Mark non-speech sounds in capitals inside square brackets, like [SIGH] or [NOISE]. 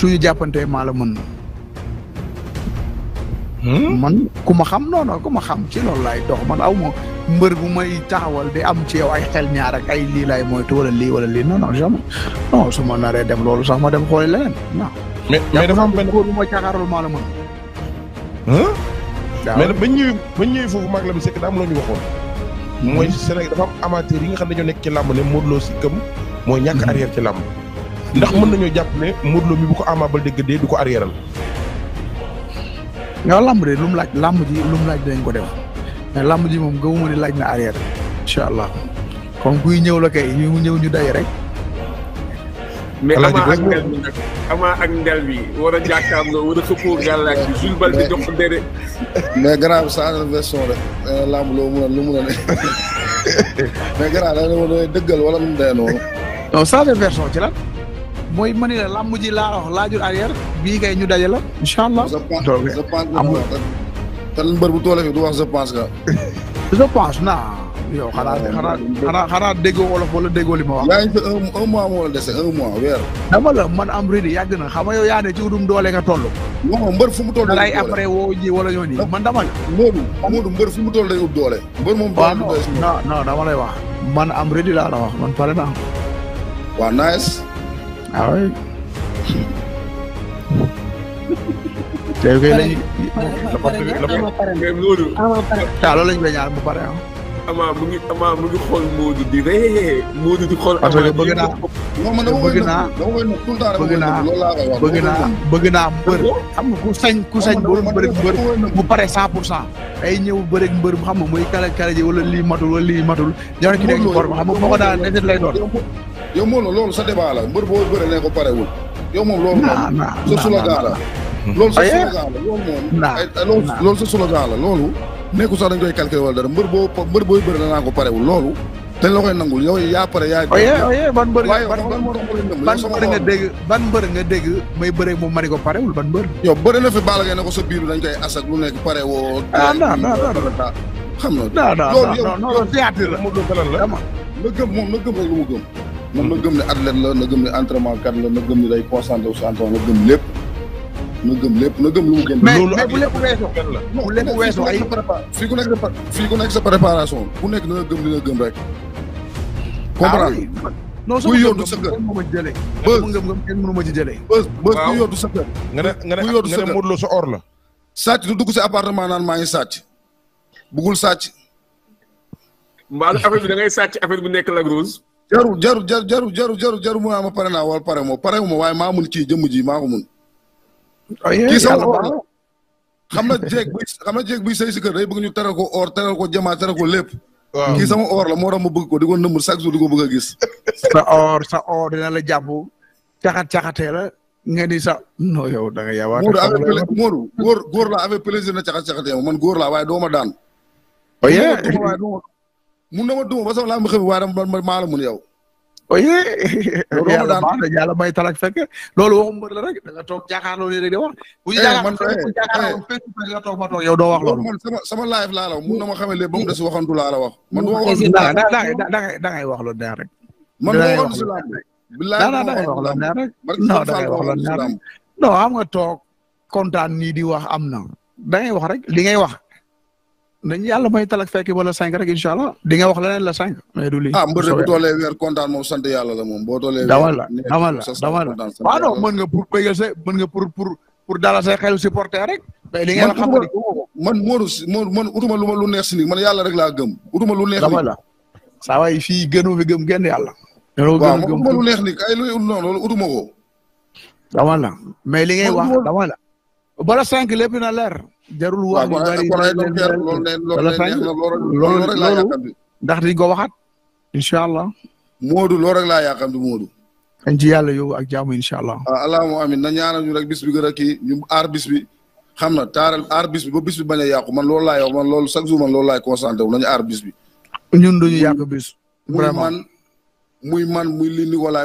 suñu jàppante maa la mën. Hmm? man ku ma xam non a ku ma xam ci loolu laay dox man aw ma mbër bu may taxawal di am ci yow ay xel ñaar ak ay lii laay moytu wala lii wala lii non non jamais non su ma naree dem loolu sax ma dem xooli leneen non. mais mais am benn góor bu ma caaxaaral maa la mën. Hmm? waaw mais bañ ñëwee bañ ñëwee foofu mag la bi sekk daa am loo ñu waxoon. Hmm. mooy Sénégal dafa am yi nga xam ne dañoo nekk ci làmb ne Modou loo sikkam këm mooy ñàkk arrière ci làmb. ndax mën nañu jàpp ne Modou Lo mi bu ko Ama Baldé gëddee du ko arrière al. waaw de lu mu laaj làmb ji lu mu laaj dinañ ko def mais làmb ji moom gëmuma ne laaj na arrière incha allah kon kuy ñëw la kay ñu ñëw ñu day rek. mais Ama ak ndel ak ndel bi war a a xëppoo mais gannaaw sa version rek euh, làmb loo [LAUGHS] mais gannaaw da nga wala lu mu dee noonu. non sa ci lan. mooy ma ni la làmb ji laa wax laajul arrière bii kay ñu daje la incha allah. je pense amul te mbër bu toole fi du wax je pense que. [LAUGHS] je pense naa. yow xanaa xanaa xanaa xanaa déggoo wolof wala déggoo li ma wax. yaa ngi fi un moo dese un mois weer. dama la man am rëdd yàgg na xam nga yow yaa ne ci udum doole nga toll. non mbër fu mu toll day après woo ji wala ñoo nii man dama la. Modou Modou mbër fu mu toll day ut doole. mbër moom doole du doole non lay wax. man am rëdd laa la wax man pare naa. waa nice. All a tey kay lañuy. loolu lañ koy ñaan bu pareewoon. ama mu ngi ama mu ngi xool Moodu di ree Moodu di xool. parce que bëgg naa. bëgg naa bëgg naa bëgg naa bëgg naa mbër. xam nga ku sañ ku sañ boo doon bëreeg bu pare cent pour cent. ay ñëw bëreeg mbër xam nga muy kala kala ji wala lii matul wala lii matul. ñoo ki nekk ci forme xam nga boo ko daal lay doon. yow moom loolu sa débat la mbër boo bëre ne ko parewul yow moom loolu moom sa slogan la loolu sa slogan la loolu moom loolu sa slogan la loolu nekku sax dañ koy calculer wala dara mbër boo mbër booy bëre naa ko parewul loolu dañ la koy nangul yow yaa pare yaa oye ban mbër ban mbër nga dégg ban mbër nga dégg may bëre moom ma ne ko parewul ban mbër yow bëri na fi baal ngeen ne ko sa biiru dañ koy asak lu nekk pare woo ah, xam na loolu yow théâtre la la gëm moom la gëm rek lu mu gëm moom na gëm ne athlète la na gëm ne entraînement kat la na gëm ne day concentré wu si entraînement na gëm lépp na gëm lépp na gëm lu mu gën. loolu ak lépp fii ku nekk sa fii ku nekk sa préparation ku nekk na nga gëm li nga gëm rek. comprendre ah non sama ngëm-ngëm kenn jëlee. bës ngëm-ngëm kenn mënu ma ci jëlee. bës bës ku sa kër. nga ne nga ne Modou Lo sa or la. sàcc du dugg si appartement naan maa ngi sàcc. bugul sàcc. mbaalu affaire bi da ngay sàcc affaire bi nekk la rose jaru jaru jaru jaru jaru jaru jaru mu ama pare na wal pare mo pare mo way ma mun ki jëm ji ma ko mun ki sa wala xam na jeeg buy xam na jeeg buy sey ci kër day bëgg ñu teral ko or teral ko jëmaa teral ko lépp kii sama or la moo tax bëgg ko di ko nëmm chaque jour di ko bëgg gis sa or sa or dina la jàpp caxat caxatee la nga ni sa no yow da nga yawaat góor avec plaisir góor góor góor la avec plaisir na caxat caxatee man góor la waaye dooma daan j mun na ma duma ba sax la ma xewi waram dama maa la mun yow oye yalla baax na yàlla may talak fek loolu waxu mbër la rek da nga tok jàkkaarloo ni rek di wax bu ñu fek fek la tok ma tok yow do wax loolu man sama sama live la la mun na ma xamee lépp ba mu des waxantu laa la wax man do wax da da da da ngay wax loolu da rek man do wax billahi da da wax loolu da rek no da ngay wax loolu neex rek am nga tok contane ni di wax amna da ngay wax rek li ngay wax nañ yàlla may talak fekk wala cinq rek incha allah di nga wax leneen la cinq mais du lii. ah mbër bu toolee weer kontaan moom sant yàlla la moom boo la dawal la dawal nga pour béyal sa nga pour dala say xel supporter rek. mais li ngeen xam man Modou man utuma lu ma lu si nii man yàlla rek laa gëm utuma lu neex. dawal la saa waay fii gënu fi gëm genn yàlla. loolu gën gëm waaw lu neex ni ay lu non loolu utuma ko. dawal la mais li ngay wax dawal la. bala cinq lépp na leer. jarul wax bu bari wala sañ loolu loolu ndax di ko waxaat incha allah. Moodu loolu rek laa yaakaar ne Moodu. dañ ci yàlla yow ak jaamu incha allah. waaw ah, allahumma amiin na ñaanal ñu rek bis bi a kii ñu aar bis bi xam na taaral aar bis bi ba bis bi bañ a yàqu man loolu laay wax man loolu chaque jour man loolu laay concentré wu nañu aar bis bi. ñun duñu yàq bis. muy man muy man muy